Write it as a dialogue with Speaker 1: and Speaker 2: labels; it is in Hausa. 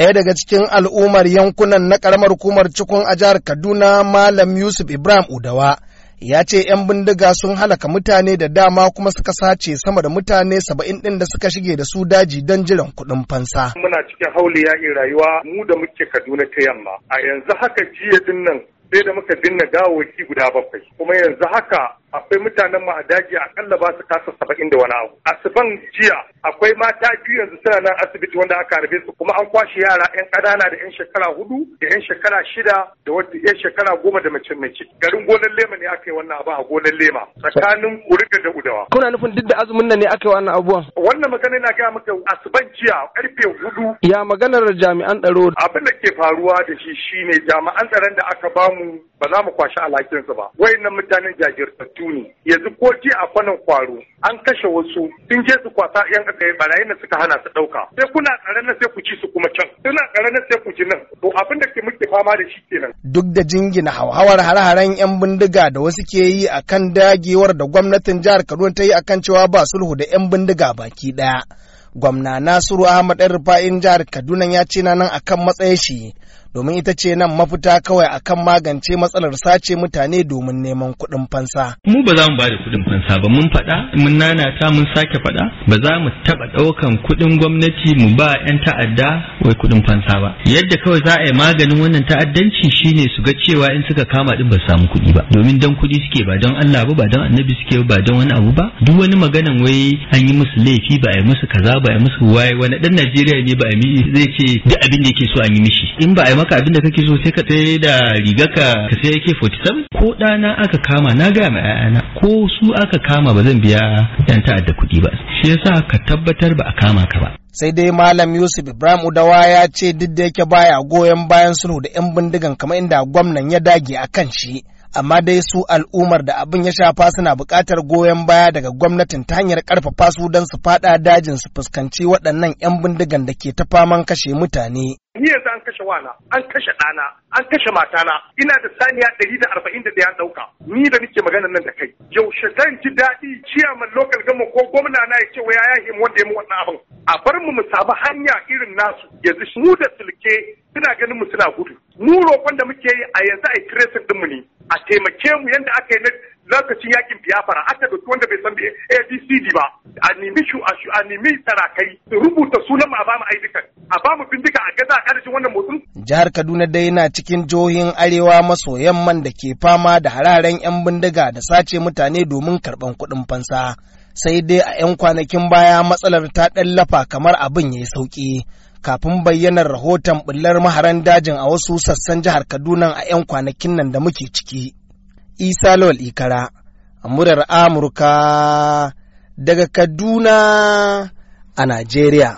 Speaker 1: ɗaya daga cikin al'ummar yankunan na ƙaramar hukumar cikin a jihar kaduna malam yusuf ibrahim udawa ya ce 'yan bindiga sun halaka mutane da dama kuma suka sace sama da mutane saba'in ɗin da suka shige da su daji don jiran kuɗin fansa.
Speaker 2: Muna cikin hauli yaƙin rayuwa mu da muke Kaduna ta yamma. A yanzu haka jiya dinnan sai da muka dinna gawawaki guda bakwai. Kuma yanzu haka akwai mutanen mu a daji akalla ba su kasa saba'in da wani abu asiban jiya akwai mata biyu yanzu suna nan asibiti wanda aka harbe su kuma an kwashe yara yan ƙanana da yan shekara hudu da yan shekara shida da wata yan shekara goma da mace mace garin gonar lema ne aka yi wannan abu a gonar lema tsakanin kuriga da udawa kuna nufin duk da azumin
Speaker 1: nan ne aka yi wannan abubuwan
Speaker 2: wannan magana na gaya maka asiban jiya karfe hudu
Speaker 1: ya maganar jami'an tsaro
Speaker 2: abin da ke faruwa da shi shine jami'an tsaron da aka bamu ba za mu kwashi alhakinsu ba wayannan mutanen jajirtattu makarantu ne yanzu ko ji a kwanan kwaro an kashe wasu sun je su kwasa yan barayin na suka hana su ɗauka sai kuna tsare na sai ku ci su kuma can suna tsare na sai ku ji nan to abin da ke muke fama da shi kenan.
Speaker 1: duk da jingina hauhawar hare-haren yan bindiga da wasu ke yi akan dagewar da gwamnatin jihar kaduna ta yi akan cewa ba sulhu da yan bindiga baki ɗaya. gwamna nasiru ahmad ɗan rufa'in jihar kaduna ya ce na nan akan matsayin shi domin ita ce nan mafita kawai akan magance matsalar sace mutane domin neman kuɗin fansa.
Speaker 3: Mu ba za mu ba da kuɗin fansa ba mun faɗa mun nanata mun sake faɗa ba za mu taɓa ɗaukan kuɗin gwamnati mu ba 'yan ta'adda wai kuɗin fansa ba. Yadda kawai za a yi maganin wannan ta'addanci shine su ga cewa in suka kama ɗin ba su samu kuɗi ba domin don kuɗi suke ba don Allah ba ba don annabi suke ba don wani abu ba duk wani maganan wai an yi musu laifi ba a musu kaza ba a yi musu waye wani ɗan Najeriya ne ba a zai ce duk abin da yake so an yi mishi in ba a maka abin da kake so sai ka tsaye da rigarka ka sai yake 47 ko ɗana aka kama na gaya ma 'ya'yana ko su aka kama ba zan biya 'yan ta'adda kuɗi ba shi yasa ka tabbatar ba a kama ka ba
Speaker 1: sai dai malam yusuf ibrahim udawa ya ce duk da yake baya goyon bayan sulhu da 'yan bindigan kamar inda gwamnan ya dage a kan shi amma dai su al'ummar da abin ya shafa suna buƙatar goyon baya daga gwamnatin ta hanyar ƙarfafa su don su faɗa dajin su fuskanci waɗannan 'yan bindigan da ke ta faman kashe mutane.
Speaker 2: Ni yanzu an kashe wana, an kashe ɗana, an kashe matana, ina da saniya ɗari da arba'in da ɗaya ɗauka. Ni da nake magana nan da kai. Yaushe zan ji daɗi ciyaman lokal gama ko gwamna na ya ce wa ya yi wanda ya mu wannan abin. A bar mu mu samu hanya irin nasu yanzu mu da sulke suna ganin mu suna gudu. Mu roƙon da muke yi a yanzu a yi tracing ɗinmu ne. a taimake mu yadda aka yi lokacin yakin biyafara aka da wanda bai san abcd ba a nemi shu a nemi tarakai rubuta sunan a bamu aidikan a bamu bindiga a gaza a karshen wannan
Speaker 1: motsin jihar kaduna dai na cikin jihohin arewa maso yamman da ke fama da hararen yan bindiga da sace mutane domin karban kuɗin fansa sai dai a 'yan kwanakin baya matsalar ta ɗallafa kamar abin ya yi sauƙi kafin bayyanar rahoton bullar maharan dajin a wasu sassan jihar Kaduna a 'yan kwanakin nan da muke ciki. Isa Lawal Ikara, murar Amurka daga Kaduna a Najeriya.